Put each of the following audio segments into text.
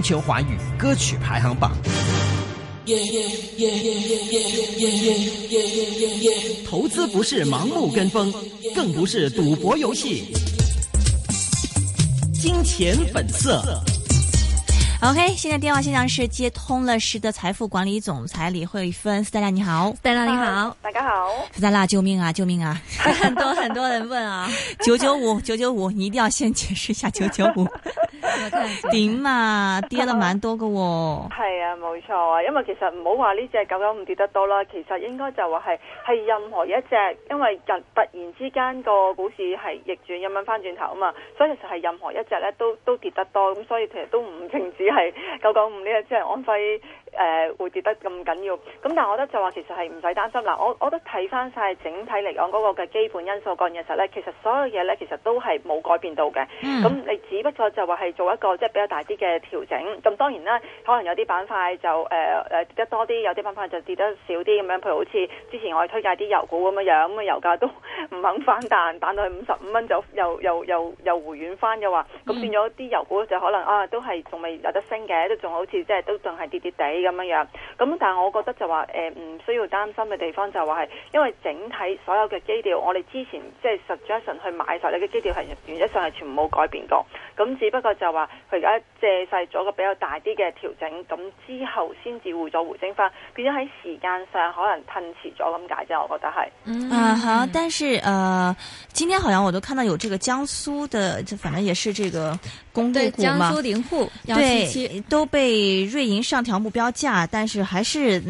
全球華語歌曲排行榜。投資不是盲目跟風，更不是賭博遊戲。金錢本色。OK，現在電話線上是接通了，實德財富管理總裁李慧芬。斯大拉你好，斯大拉你好，大家好。斯大拉救命啊！救命啊！很多很多人問啊。九九五，九九五，你一定要先解釋一下九九五。點 啊，跌得蠻多噶、啊，係啊冇錯，因為其實唔好話呢隻九九五跌得多啦，其實應該就話係係任何一隻，因為日突然之間個股市係逆轉一蚊翻轉頭啊嘛，所，所以其實係任何一隻咧都都跌得多，咁所以其實都唔停止係九九五呢隻，即係安徽。誒、呃、會跌得咁緊要，咁但係我覺得就話其實係唔使擔心。嗱，我我都睇翻曬整體嚟講嗰個嘅基本因素講嘅時候咧，其實所有嘢咧其實都係冇改變到嘅。咁你只不過就話係做一個即係、就是、比較大啲嘅調整。咁當然啦，可能有啲板塊就誒誒、呃、跌得多啲，有啲板塊就跌得少啲咁樣。譬如好似之前我推介啲油股咁樣樣，油價都唔肯反彈，彈到去五十五蚊就又又又又回軟翻嘅話，咁變咗啲油股就可能啊都係仲未有得升嘅，都仲好似即係都仲係跌跌地。咁樣樣，咁但係我覺得就話，誒，唔需要擔心嘅地方就話係，因為整體所有嘅基調，我哋之前即係實際上去買實，你嘅基調係，原則上係全部冇改變過，咁只不過就話佢而家借勢咗個比較大啲嘅調整，咁之後先至會再回升返，變咗喺時間上可能褪遲咗咁解啫，我覺得係。啊但是誒、呃，今天好像我都看到有這個江蘇的，就反正也是這個。公路股嘛，對，江蘇寧滬對，都被瑞銀上調目標價，但是還是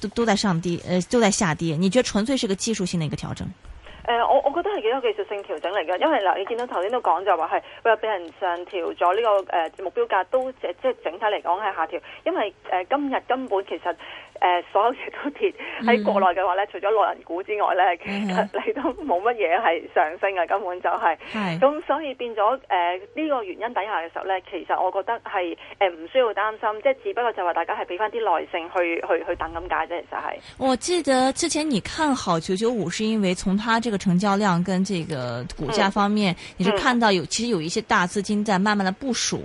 都都在上跌，誒、呃，都在下跌。你覺得純粹是個技術性的一個調整？誒、呃，我我覺得係幾多技術性調整嚟嘅，因為嗱，你見到頭先都講就話係，佢俾人上調咗呢個誒、呃、目標價，都即即係整體嚟講係下調，因為誒、呃、今日根本其實。誒、呃、所有嘢都跌，喺國內嘅話咧，嗯、除咗內銀股之外咧，其實你都冇乜嘢係上升嘅，根本就係、是。係、嗯。咁所以變咗誒呢個原因底下嘅時候咧，其實我覺得係誒唔需要擔心，即係只不過就話大家係俾翻啲耐性去去去等咁解啫，其實係。我記得之前你看好九九五，係因為從佢呢個成交量跟呢個股價方面，嗯、你就看到有、嗯、其實有一些大資金在慢慢的部署。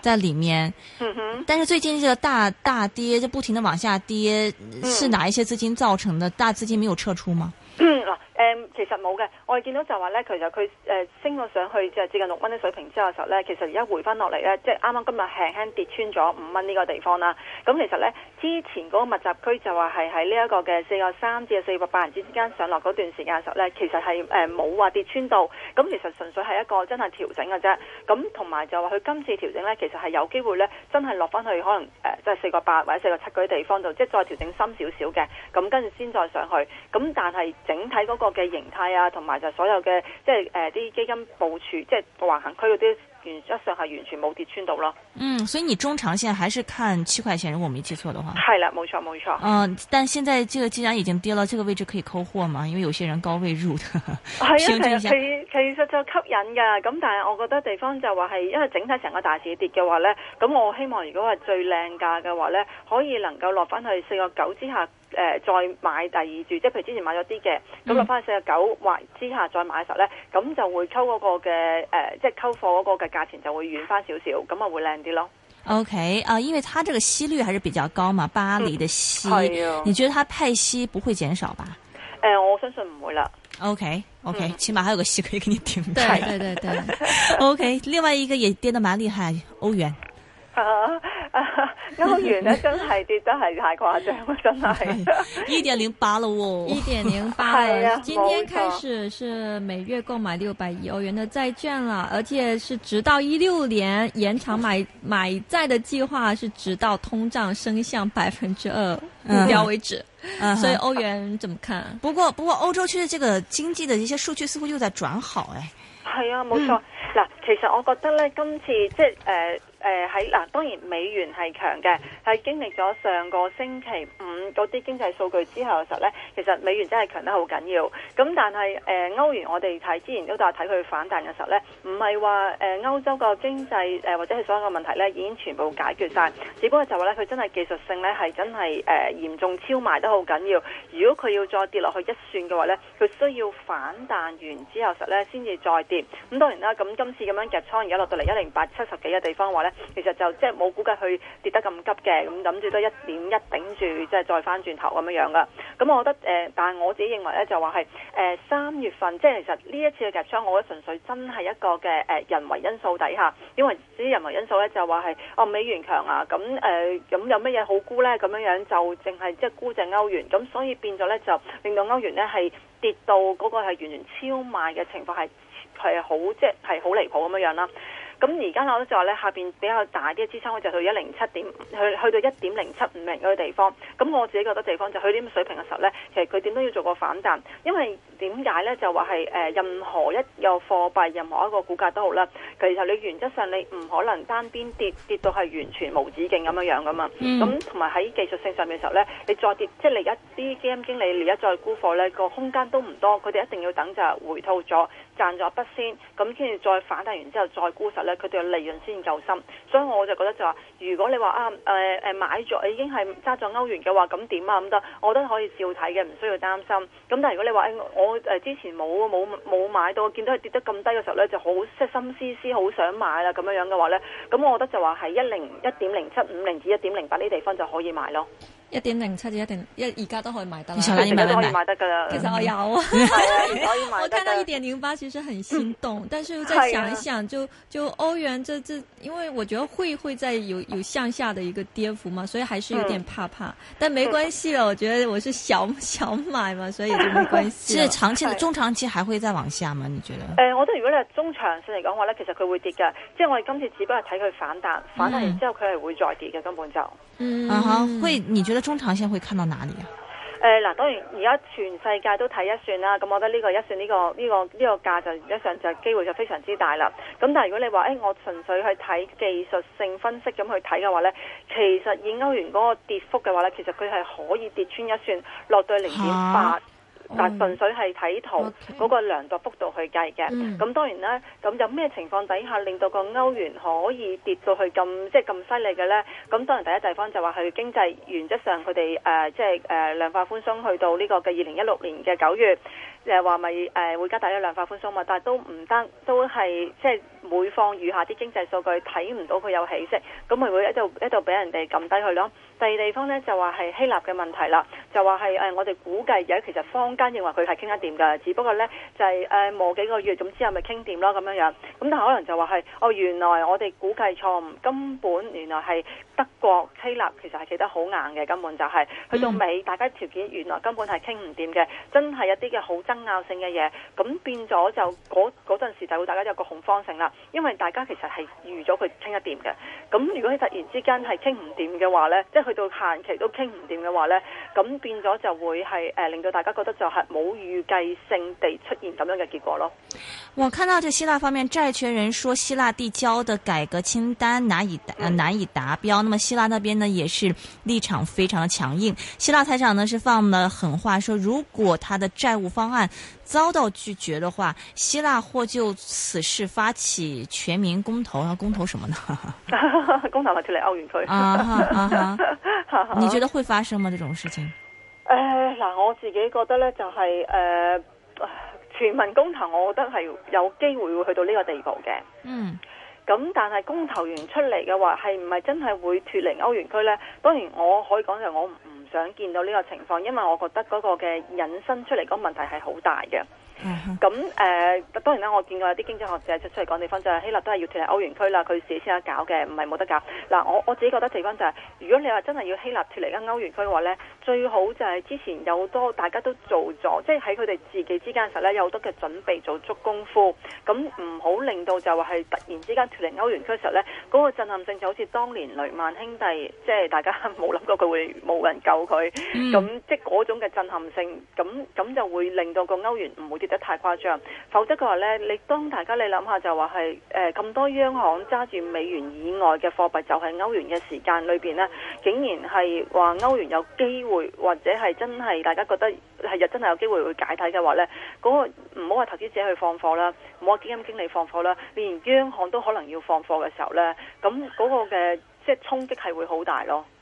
在裏面，嗯哼，但是最近這個大大跌，就不停的往下跌，是哪一些資金造成的？嗯、大資金沒有撤出嗎？嗯、啊。誒、嗯，其實冇嘅，我哋見到就話呢，其實佢誒升咗上去之後接近六蚊嘅水平之後嘅時候呢，其實而家回翻落嚟呢，即係啱啱今日輕輕跌穿咗五蚊呢個地方啦。咁其實呢，之前嗰個密集區就話係喺呢一個嘅四個三至四個八人之間上落嗰段時間嘅時候呢，其實係誒冇話跌穿到。咁其實純粹係一個真係調整嘅啫。咁同埋就話佢今次調整呢，其實係有機會呢，真係落翻去可能誒即係四個八或者四個七嗰啲地方度，即、就、係、是、再調整深少少嘅。咁跟住先再上去。咁但係整體嗰、那個。嘅形態啊，同埋就所有嘅即係誒啲基金部署，即係個橫行區嗰啲，原則上係完全冇跌穿到咯。嗯，所以你中長線還是看七塊錢，如果我冇記錯嘅話。係啦，冇錯冇錯。嗯、呃，但係現在這個既然已經跌到這個位置，可以溝貨嘛？因為有些人高位入嘅。係啊，其其實就吸引㗎。咁但係我覺得地方就話係，因為整體成個大市跌嘅話呢，咁我希望如果係最靚價嘅話呢，可以能夠落翻去四個九之下。誒、呃，再買第二注，即係譬如之前買咗啲嘅，咁落翻四十九或之下再買嘅時候咧，咁就會溝嗰個嘅誒，即係溝貨嗰個嘅價錢就會遠翻少少，咁啊會靚啲咯。OK，啊、呃，因為它這個息率還是比較高嘛，巴黎嘅息，嗯啊、你覺得它派息不會減少吧？誒、呃，我相信唔會啦。OK，OK，、okay, okay, 起碼還有個息可以給你掂。嗯、 對對對，對，對，OK，另外一個也跌得蠻厲害，歐元。啊啊， 歐元咧真係跌得係太誇張 真係一點零八啦喎、哦，一點零八啦、 啊、今天開始是每月購買六百億歐元的債券啦而且是直到一六年延長買買債的計劃是直到通脹升向百分之二目標為止。嗯、所以歐元怎麼看？不過 不過，不過歐洲區的這個經濟的一些數據似乎又在轉好哎、欸。係啊，冇錯。嗱、嗯，其實我覺得呢，今次即係、呃誒喺嗱，當然美元係強嘅，係經歷咗上個星期五嗰啲經濟數據之後嘅時候呢，其實美元真係強得好緊要。咁但係誒、呃、歐元我，我哋睇之前都話睇佢反彈嘅時候呢，唔係話誒歐洲個經濟、呃、或者係所有嘅問題呢已經全部解決晒。只不過就話呢，佢真係技術性呢係真係誒嚴重超賣得好緊要。如果佢要再跌落去一算嘅話呢，佢需要反彈完之後實呢先至再跌。咁當然啦，咁今次咁樣夾倉而家落到嚟一零八七十幾嘅地方話呢。其實就即係冇估計佢跌得咁急嘅，咁諗住都一點一頂住，即係再翻轉頭咁樣樣噶。咁我覺得誒、呃，但係我自己認為咧，就話係誒三月份，即係其實呢一次嘅夾倉，我覺得純粹真係一個嘅誒人為因素，底下，因為自己人為因素咧就話係哦美元強啊，咁誒咁有乜嘢好沽咧咁樣樣，就淨係即係沽淨歐元，咁所以變咗咧就令到歐元咧係跌到嗰個係完全超賣嘅情況，係係好即係好離譜咁樣樣啦。咁而家我都就話咧，下面比較大啲嘅支撐位就去一零七點，去去到一點零七五零嗰個地方。咁我自己覺得地方就去呢個水平嘅時候咧，其實佢點都要做個反彈，因為點解咧？就話係、呃、任何一個貨幣，任何一個股價都好啦。其實你原則上你唔可能單邊跌跌到係完全無止境咁樣樣噶嘛。咁同埋喺技術性上面嘅時候咧，你再跌，即係你一啲基金經理而家再沽貨咧，個空間都唔多，佢哋一定要等就係、回吐咗，賺咗一筆先，咁跟住再反彈完之後再沽實咧，佢對利潤先夠深，所以我就覺得就話，如果你話啊，誒、呃、誒，買咗已經係揸咗歐元嘅話，咁點啊咁得，我覺得可以照睇嘅，唔需要擔心。咁但係如果你話誒、哎、我誒之前冇冇冇買到，見到佢跌得咁低嘅時候咧，就好即係心思思好想買啦，咁樣樣嘅話咧，咁我覺得就話係一零一點零七五零至一點零八呢地方就可以買咯。一點零七至一點一而家都可以買到。啦，其實我嚟買得噶啦。買其實我有、啊， 我看到一點零八其實很心動， 但是再想一想就，就就歐元這，這這因為我覺得會會在有有向下的一個跌幅嘛，所以還是有點怕怕。嗯、但沒關係啦，我覺得我是小小買嘛，所以就沒關係。 是長期的 是中長期還會再往下嘛，你覺得？誒、呃，我覺得如果你係中長線嚟講話咧，其實佢會跌嘅，即係我哋今次只不過係睇佢反彈，反彈之後佢係會再跌嘅，根本就。啊哈，嗯 uh、huh，會你覺得中長線會看到哪裏啊？誒嗱、呃，當然而家全世界都睇一算啦，咁我覺得呢個一算呢、呢個呢、呢個呢、呢個價就一上就機會就非常之大啦。咁但係如果你話誒我純粹去睇技術性分析咁去睇嘅話咧，其實以歐元嗰個跌幅嘅話咧，其實佢係可以跌穿一算落到零點八。嗱，純粹係睇圖嗰個量度幅度去計嘅。咁、okay. mm hmm. 當然啦，咁有咩情況底下令到個歐元可以跌到去咁即係咁犀利嘅呢？咁當然第一地方，就話佢經濟原則上佢哋誒即係誒量化寬鬆去到呢個嘅二零一六年嘅九月。誒話咪誒會加大一啲量化寬鬆嘛，但係都唔得，都係即係每況愈下啲經濟數據，睇唔到佢有起色，咁係咪一度一度俾人哋撳低佢咯？第二地方呢，就話係希臘嘅問題啦，就話係、呃、我哋估計而其實坊間認為佢係傾得掂㗎，只不過呢就係、是、冇、呃、幾個月，總之後咪傾掂囉。咁樣樣。咁但係可能就話係哦，原來我哋估計錯誤，根本原來係德國希臘其實係企得好硬嘅，根本就係、是、去到尾大家條件原來根本係傾唔掂嘅，真係一啲嘅好爭拗性嘅嘢，咁變咗就嗰陣時就會大家有個恐慌性啦。因為大家其實係預咗佢傾一掂嘅，咁如果你突然之間係傾唔掂嘅話呢，即係去到限期都傾唔掂嘅話呢，咁變咗就會係令到大家覺得就係冇預計性地出現咁樣嘅結果咯。我看到這希臘方面債權人說希臘遞交的改革清單難以難以達標，那麼希臘那邊呢也是立場非常強硬。希臘財長呢是放了狠話說如果他的債務方案遭到拒絕的話，希臘或就此事發起全民公投，然後公投什麼呢？ 公投係脫離歐元區，你覺得會發生嗎？Uh huh. 這種事情？誒，嗱，我自己覺得咧就係誒全民公投，我覺得係有機會會去到呢個地步嘅。嗯。咁但係公投完出嚟嘅話，係唔係真係會脫離歐元區咧？當然，我可以講就我唔想見到呢個情況，因為我覺得嗰個嘅引申出嚟嗰個問題係好大嘅。咁誒、呃，當然啦，我見過有啲經濟學者就出嚟講，地方就係希臘都係要脱離歐元區啦，佢事先啊搞嘅，唔係冇得搞。嗱，我我自己覺得地方就係、是，如果你話真係要希臘脱離緊歐元區嘅話呢，最好就係之前有多大家都做咗，即係喺佢哋自己之間嘅時候呢，有好多嘅準備做足功夫，咁唔好令到就係突然之間脱離歐元區嘅時候呢，嗰、那個震撼性就好似當年雷曼兄弟，即、就、係、是、大家冇諗過佢會冇人救。佢咁、嗯、即係嗰種嘅震撼性，咁咁就會令到個歐元唔會跌得太誇張。否則嘅話咧，你當大家你諗下就話係誒，咁多央行揸住美元以外嘅貨幣就係歐元嘅時間裏邊咧，竟然係話歐元有機會或者係真係大家覺得係真係有機會會解體嘅話咧，嗰、嗰個唔好話投資者去放貨啦，唔好話基金經理放貨啦，連央行都可能要放貨嘅時候咧，咁嗰個嘅即係衝擊係會好大咯。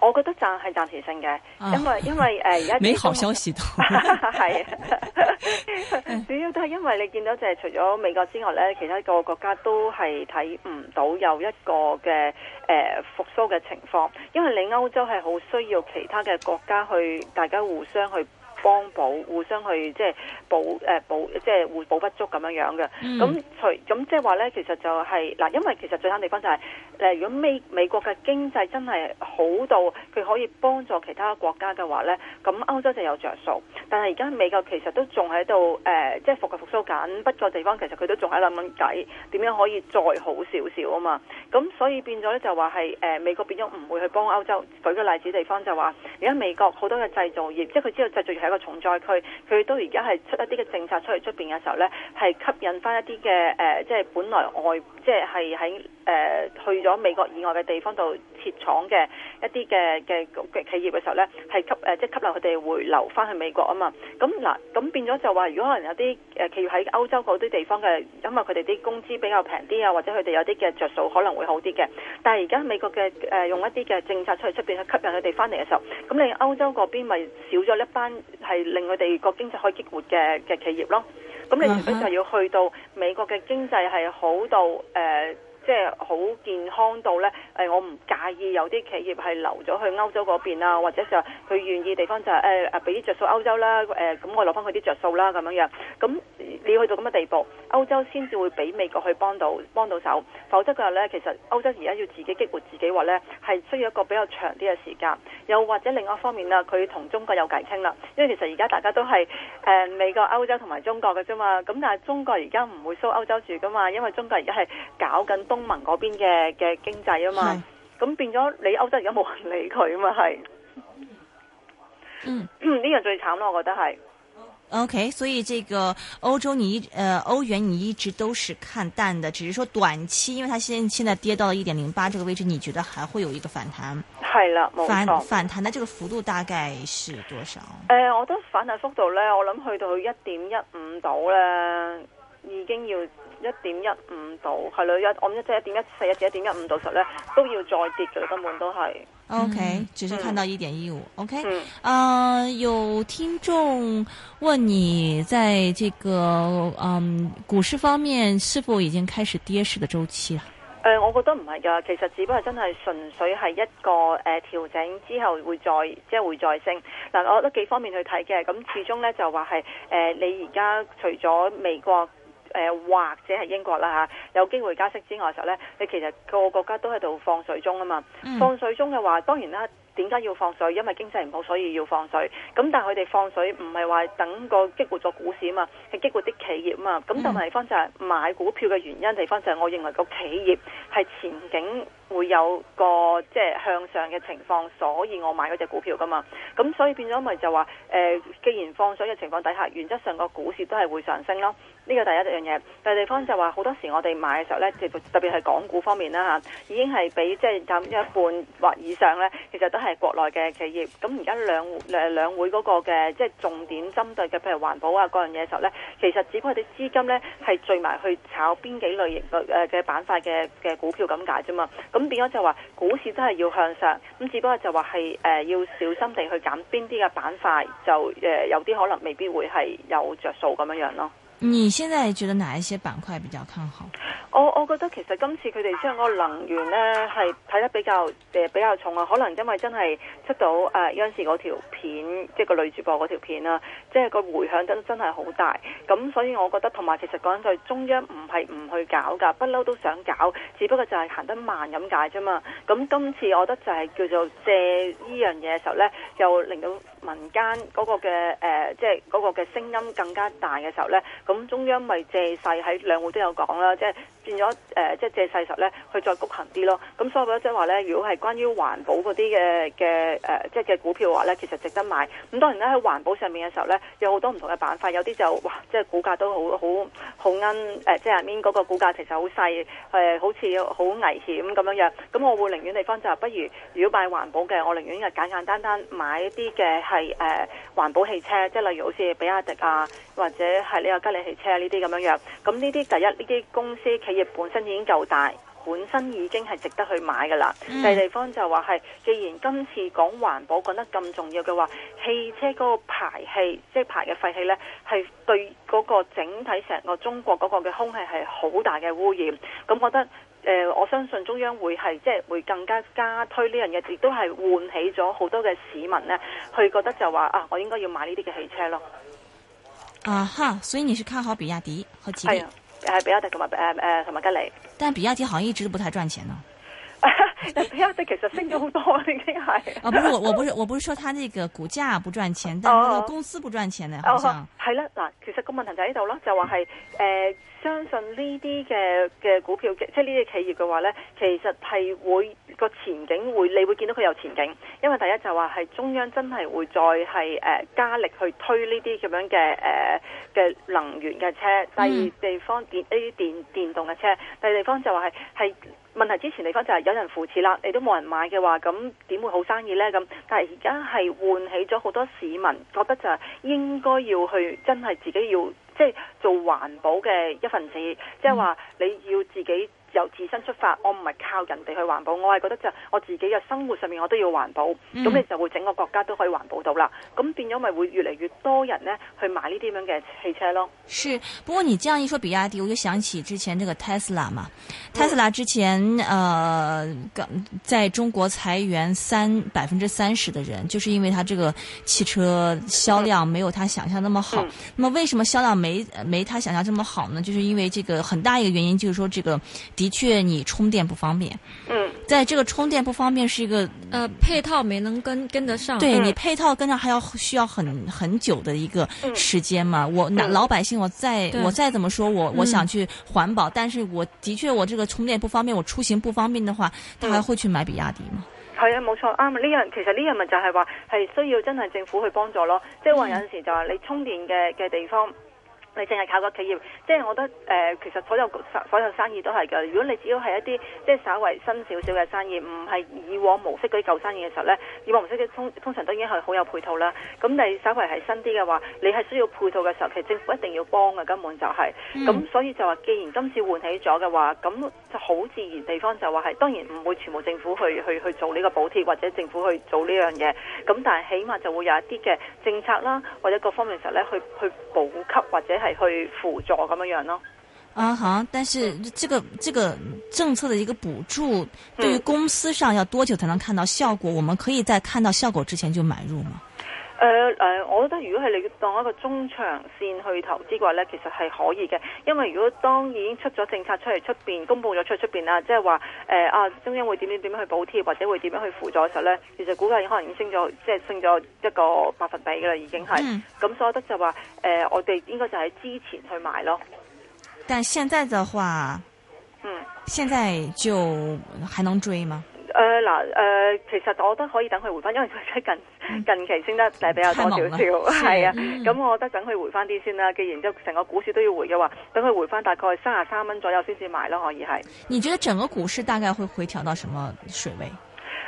我覺得暫係暫時性嘅，因為因為誒而家。呃啊、在沒好消息到。係 是，主要都係因為你見到就係除咗美國之外咧，其他個國家都係睇唔到有一個嘅誒、呃、復甦嘅情況，因為你歐洲係好需要其他嘅國家去，大家互相去幫補，互相去即係補誒補，即係互補不足咁樣樣嘅。咁除咁即係話咧，其實就係、是、嗱，因為其實最慘地方就係、是。誒，如果美美國嘅經濟真係好到佢可以幫助其他國家嘅話呢，咁歐洲就有着數。但係而家美國其實都仲喺度誒，即、呃、係、就是、復舊復甦緊，不盡地方其實佢都仲喺度諗緊計點樣可以再好少少啊嘛。咁所以變咗呢，就話係誒美國變咗唔會去幫歐洲。舉個例子嘅地方就話，而家美國好多嘅製造業，即係佢知道製造業係一個重災區，佢都而家係出一啲嘅政策出嚟出邊嘅時候呢，係吸引翻一啲嘅誒，即、呃、係、就是、本來外即係喺誒去咗。咗美國以外嘅地方度設廠嘅一啲嘅嘅嘅企業嘅時候呢，係吸誒即係吸納佢哋回流翻去美國啊嘛。咁嗱，咁變咗就話，如果可能有啲誒，企業喺歐洲嗰啲地方嘅，因為佢哋啲工資比較平啲啊，或者佢哋有啲嘅着數可能會好啲嘅。但係而家美國嘅誒、呃、用一啲嘅政策出出邊去吸引佢哋翻嚟嘅時候，咁你歐洲嗰邊咪少咗一班係令佢哋個經濟可以激活嘅嘅企業咯。咁你除非就要去到美國嘅經濟係好到誒。呃即係好健康到呢，誒、呃，我唔介意有啲企業係留咗去歐洲嗰邊啊，或者就佢願意地方就係誒誒，俾啲著數歐洲啦，誒、呃，咁我攞翻佢啲着數啦咁樣樣。咁你要去到咁嘅地步，歐洲先至會俾美國去幫到幫到手，否則嘅話呢，其實歐洲而家要自己激活自己話呢，係需要一個比較長啲嘅時間。又或者另外一方面啦，佢同中國有偈傾啦，因為其實而家大家都係誒、呃、美國、歐洲同埋中國嘅啫嘛。咁但係中國而家唔會疏歐洲住噶嘛，因為中國而家係搞緊東民嗰邊嘅嘅經濟啊嘛，咁是變咗你歐洲而家冇人理佢啊嘛係？嗯，呢樣、 這個、最慘咯，我覺得係。O、okay, K，所以這個歐洲你，呃，歐元你一直都是看淡的，只是說短期，因為它現現在跌到一點零八這個位置，你覺得還會有一個反彈？係啦，冇錯。反反彈的這個幅度大概是多少？誒、呃，我覺得反彈幅度咧，我諗去到一點一五度咧，已經要。一點一五度，係咯一我唔知即係一點一四一至一點一五度時咧，都要再跌嘅，根本都係。O K，嗯，只是看到一點一五。O K，嗯，有聽眾問你，在這個嗯股市方面，是否已經開始跌市嘅周期啊？誒、呃，我覺得唔係噶，其實只不過真係純粹係一個誒、呃、調整之後會再即係會再升。嗱、呃，我覺得幾方面去睇嘅，咁、嗯、始終咧就話係誒你而家除咗美國。誒、呃、或者係英國啦嚇、啊，有機會加息之外嘅時候咧，你其實各個國家都喺度放水中啊嘛，放水中嘅話，當然啦，點解要放水？因為經濟唔好，所以要放水。咁但係佢哋放水唔係話等個激活咗股市啊嘛，係激活啲企業啊嘛。咁但係地方就係買股票嘅原因，地方就係我認為個企業係前景。會有個即係向上嘅情況，所以我買嗰隻股票噶嘛。咁所以變咗咪就話、呃，既然放水嘅情況底下，原則上個股市都係會上升咯。呢、呢個第一樣嘢。第二地方就話，好多時我哋買嘅時候呢，特別係港股方面啦吓，已經係比即係有一半或以上呢，其實都係國內嘅企業。咁而家兩兩會嗰個嘅即係重點針對嘅，譬如環保啊各樣嘢嘅時候呢，其實只不過啲資金呢，係聚埋去炒邊幾類型嘅、呃、板塊嘅嘅股票咁解啫嘛。咁變咗就話，股市都係要向上，咁只不過就話係、呃、要小心地去揀邊啲嘅板塊，就、呃、有啲可能未必會係有着數咁樣樣咯。你現在覺得哪一些板塊比較看好？我我覺得其實今次佢哋將個能源呢，係睇得比較誒、呃、比較重啊，可能因為真係出到誒央視嗰條片，即係個女主播嗰條片啦，啊，即係個迴響真真係好大。咁所以我覺得同埋其實講一句，中央唔係唔去搞噶，不嬲都想搞，只不過就係行得慢咁解啫嘛。咁今次我覺得就係叫做借呢樣嘢嘅時候呢，又令到，民間嗰個嘅即嘅聲音更加大嘅時候咧，咁中央咪借勢喺兩會都有講啦，即係變咗即、呃、借勢時候咧，去再谷行啲咯。咁所以覺得，即係話咧，如果係關於環保嗰啲嘅嘅即係嘅股票嘅話咧，其實值得買。咁當然咧喺環保上面嘅時候咧，有好多唔同嘅板塊，有啲就哇，即、就、係、是、股價都好好好奀即係入面嗰個股價其實好細、呃，好似好危險咁樣樣。咁我會寧願地方就係、不如，如果買環保嘅，我寧願係簡簡單單買一啲嘅。係誒、呃，環保汽車，即係例如好似比亞迪啊，或者係呢個吉利汽車呢啲咁樣樣。咁呢啲第一，呢啲公司企業本身已經夠大，本身已經係值得去買㗎喇。第二地方就話係，既然今次講環保講得咁重要嘅話，汽車嗰個排氣，即係排嘅廢氣呢，係對嗰個整體成個中國嗰個嘅空氣係好大嘅污染，咁覺得。誒、呃，我相信中央會係即係會更加加推呢樣嘢，亦都係喚起咗好多嘅市民咧，去覺得就話啊，我應該要買呢啲嘅汽車咯。啊哈，所以你是看好比亞迪和吉利？係啊，比亞迪同埋誒誒同埋吉利。但比亞迪好像一直都不太賺錢啊。比亞迪其實升咗好多，已經係。 哦，不是我，不是，我不是說他那個股價不賺錢，但係公司不賺錢咧，好像。哦，哦，哦，哦，哦。係啦，嗱，其實個問題就喺度啦，就話係誒，相信呢啲嘅嘅股票嘅，即係呢啲企業嘅話呢，其實係會個前景會，你會見到佢有前景，因為第一就話係中央真係會再係誒加力去推呢啲咁樣嘅誒嘅能源嘅車，第二地方電呢啲電電動嘅車，第二地方就話係係。問題之前你講就係有人扶持啦，你都冇人買嘅話，咁點會好生意呢？咁但係而家係喚起咗好多市民覺得就係應該要去真係自己要即係、就是、做環保嘅一份子，即係話你要自己。由自身出發，我唔係靠人哋去環保，我係覺得就係我自己嘅生活上面我都要環保，咁、嗯、你就會整個國家都可以環保到啦。咁變咗咪會越嚟越多人呢去買呢啲咁樣嘅汽車咯。是，不過你這樣一說，比亞迪，我就想起之前這個 Tesla 嘛。嗯、Tesla 之前，呃，剛在中國裁員三百分之三十的人，就是因為他這個汽車銷量沒有他想象那麼好。嗯、那麼為什麼銷量沒沒他想象這麼好呢？就是因為這個很大一個原因，就是說這個。的確，你充電不方便。嗯，在這個充電不方便是一個呃配套沒能跟跟得上。對、嗯、你配套跟上還要需要很很久的一個時間嘛？嗯、我、嗯、老百姓，我再對我再怎麼說我、嗯、我想去環保，但是我的確我這個充電不方便，我出行不方便的話，他還會去買比亞迪嗎？係啊、嗯，冇錯、嗯，啱啊！呢樣其實呢樣咪就係話係需要真係政府去幫助咯，即係話有陣時就係你充電嘅嘅地方。你淨係靠個企業，即係我覺得誒、呃，其實所有所有生意都係㗎。如果你只要係一啲即係稍為新少少嘅生意，唔係以往模式啲舊生意嘅時候咧，以往模式嘅通通常都已經係好有配套啦。咁你稍為係新啲嘅話，你係需要配套嘅時候，其實政府一定要幫嘅根本就係、是。咁所以就話，既然今次換起咗嘅話，咁就好自然地方就話係當然唔會全部政府去去去做呢個補貼或者政府去做呢樣嘢。咁但係起碼就會有一啲嘅政策啦或者各方面嘅時候咧，去去補給或者。係去輔助咁樣樣、哦、咯，啊哈、uh-huh, 但是這個這個政策的一個補助，嗯、對於公司上要多久才能看到效果？我們可以在看到效果之前就買入嗎？誒誒、呃，我覺得如果係你要當一個中長線去投資嘅話咧，其實係可以嘅，因為如果當已經出咗政策出嚟出邊公布咗出出邊啦，即係話誒啊中央會點點點樣去補貼或者會點樣去輔助嘅時候咧，其實股價可能已經升咗，即係升咗一個百分比噶啦，已經係。咁、嗯、所以我覺得就話誒、呃，我哋應該就喺之前去買咯。但現在嘅話，嗯，現在就還能追嗎？誒，嗱、呃，誒、呃，其實我覺得可以等佢回翻，因為佢近、嗯、近期升得係比較多少少，係啊，咁我覺得等佢回翻啲先啦。既然即係成個股市都要回嘅話，等佢回翻大概三十三蚊左右先至買咯，可以係。你覺得整個股市大概會回調到什麼水位？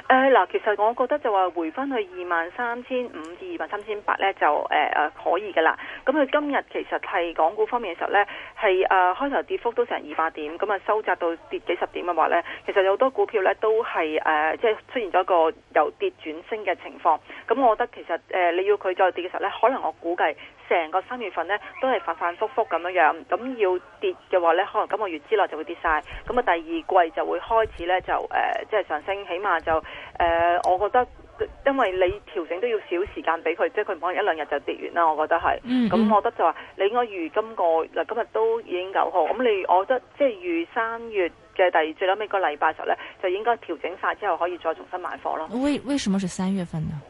誒，嗱、嗯，其實我覺得就話回翻去二萬三千五至二萬三千八咧，就誒誒、呃、可以噶啦。咁、嗯、佢今日其實係港股方面嘅時候咧，係誒、呃、開頭跌幅都成二百點，咁、嗯、啊收窄到跌幾十點嘅話咧，其實有好多股票咧都係誒即係出現咗個由跌轉升嘅情況。咁、嗯、我覺得其實誒、呃、你要佢再跌嘅時候咧，可能我估計成個三月份咧都係反反复复咁樣樣。咁、嗯、要跌嘅話咧，可能今個月之內就會跌晒。咁、嗯、啊第二季就會開始咧就誒即係上升，起碼就。誒、呃，我覺得，因為你調整都要少時間俾佢，即係佢唔可能一兩日就跌完啦。我覺得係，咁、嗯嗯嗯、我覺得就話，你應該預今個嗱今日都已經九號，咁、嗯、你我覺得即係預三月嘅第二最屘尾個禮拜嘅時候呢，咧，就應該調整晒之後可以再重新買貨咯。為為什麼是三月份呢？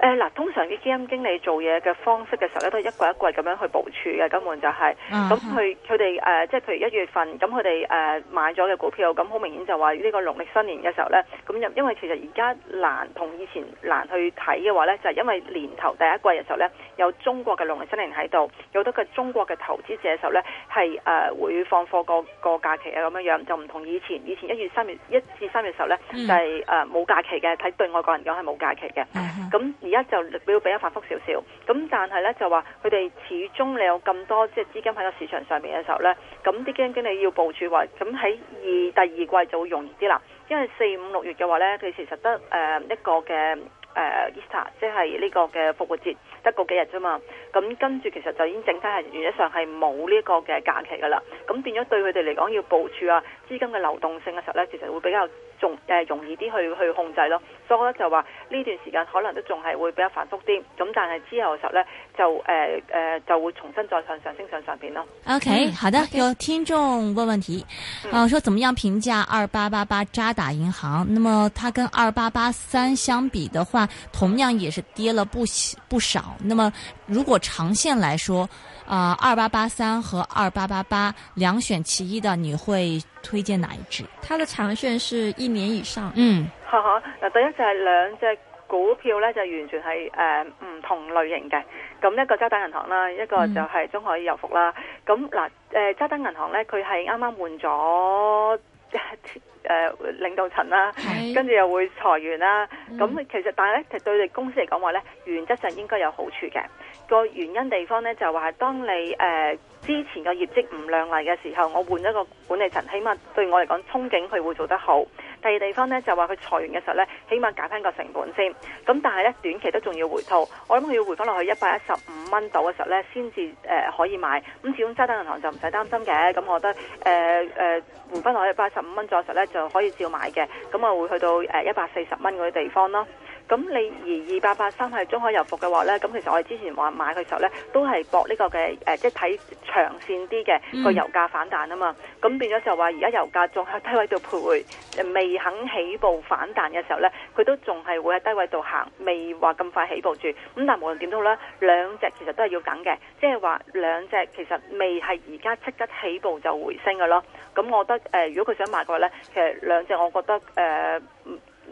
嗱，通常嘅基金經理做嘢嘅方式嘅時候咧，都係一季一季咁樣去部署嘅，根本就係咁佢佢哋即係譬如一月份，咁佢哋買咗嘅股票，咁好明顯就話呢個農曆新年嘅時候咧，咁因為其實而家難同以前難去睇嘅話咧，就係因為年頭第一季嘅時候咧，有中國嘅農曆新年喺度，有好多嘅中國嘅投資者嘅時候咧，係會放貨過個假期啊咁樣樣，就唔同以前，以前一月三月一至三月時候咧，就係冇假期嘅，睇對外國人講係冇假期嘅，咁。而家就比較反覆少少，咁但係呢就話佢哋始終你有咁多即係資金喺個市場上面嘅時候呢，咁啲基金經理要部署話，咁喺二第二季就會容易啲啦，因為四五六月嘅話呢，佢其實得誒一個嘅誒、呃、Easter，即係呢個嘅復活節，得個幾日啫嘛，咁跟住其實就已經整體係原則上係冇呢個嘅假期噶啦，咁變咗對佢哋嚟講要部署啊資金嘅流動性嘅時候呢，其實會比較。仲誒容易啲去去控制咯，所以咧就話呢段時間可能都仲係會比較反覆啲，咁但係之後嘅時候咧就誒誒、呃呃、就會重新再向上升上上邊咯。OK，好的，Okay. 有聽眾問問題，啊、呃，我說怎麼樣評價二八八八渣打銀行？那麼它跟二八八三相比的話，同樣也是跌了不不少，那麼。如果長線來說，啊二八八三和二八八八兩選其一的，你會推薦哪一隻？它的長線是一年以上。嗯呵呵，第一就係、是、兩隻股票咧就完全係誒唔同類型嘅，咁一個渣打銀行啦，一個就係中海油服啦。咁、嗯、嗱，誒、呃、渣打銀行咧佢係啱啱換咗。 誒、呃，領導層啦、啊，的跟住又會裁員啦、啊，咁、嗯、其實，但係咧，對你哋公司嚟講話咧，原則上應該有好處嘅。個原因地方咧就話當你誒。呃之前嘅業績唔亮麗嘅時候，我換一個管理層，起碼對我嚟講，憧憬佢會做得好。第二地方呢，就話佢裁員嘅時候呢，起碼減翻個成本先。咁但係呢，短期都仲要回吐。我諗佢要回翻落去一百一十五蚊度嘅時候呢，先至誒可以買。咁始終渣打銀行就唔使擔心嘅，咁我覺得誒誒、呃呃、回翻落去一百一十五蚊左右嘅時候呢，就可以照買嘅。咁啊會去到誒一百四十蚊嗰啲地方咯。咁你而二八八三係中海油服嘅話呢，咁其實我哋之前話買嘅時候呢，都係搏呢個嘅、呃、即係睇長線啲嘅個油價反彈啊嘛。咁變咗就話而家油價仲喺低位度徘徊、呃，未肯起步反彈嘅時候呢，佢都仲係會喺低位度行，未話咁快起步住。咁但係無論點都好啦，兩隻其實都係要等嘅，即係話兩隻其實未係而家即刻起步就回升嘅咯。咁我覺得、呃、如果佢想買嘅話呢，其實兩隻我覺得誒、呃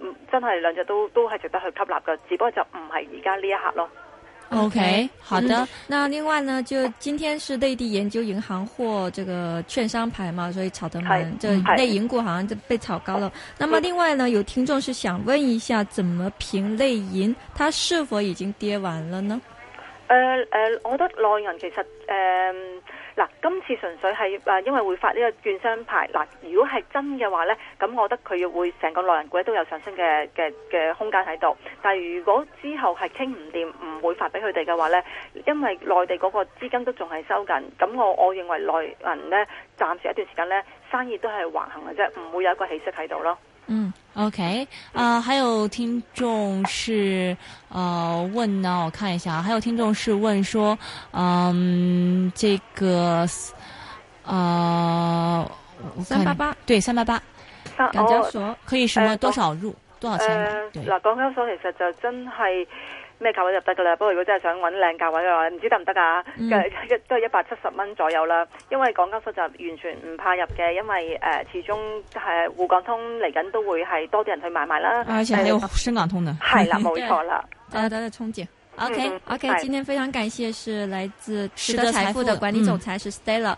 嗯、真係兩隻都都係值得去吸納嘅，只不過就唔係而家呢一刻咯。O、okay, K，好的。那另外呢，就今天是內地研究銀行獲這個券商牌，嘛，所以炒得門，就內銀股好像就被炒高了。那麼另外呢，有聽眾是想問一下，怎麼評內銀？它是否已經跌完了呢？誒誒、呃呃，我覺得內銀其實誒、呃、嗱，今次純粹係誒因為會發呢個券商牌。嗱，如果係真嘅話呢，咁我覺得佢會成個內銀股都有上升嘅嘅嘅空間喺度。但係如果之後係傾唔掂，唔會發俾佢哋嘅話呢，因為內地嗰個資金都仲係收緊，咁我、我認為內銀呢，暫時一段時間呢，生意都係橫行嘅啫，唔會有一個起色喺度咯。嗯，OK，啊、呃，還有聽眾是呃問呢，我看一下啊，還有聽眾是問說，嗯、呃，這個呃三八八對，三八八對三八八，港交所、哦、可以什麼多少入、呃、多少錢？呃呃、對，嗱，港交所其實就真係。咩價位入得噶啦？不過如果真係想揾靚價位嘅話，唔知得唔得噶？嗯、 都係一百七十蚊左右啦。因為港交所就完全唔怕入嘅，因為誒、呃、始終係滬港通嚟緊都會係多啲人去買賣啦。而且還有深港通啦。係啦、嗯，冇錯啦。等等再衝字。OK OK、嗯、今天非常感謝是來自拾得財富的管理總裁是 Stella、嗯。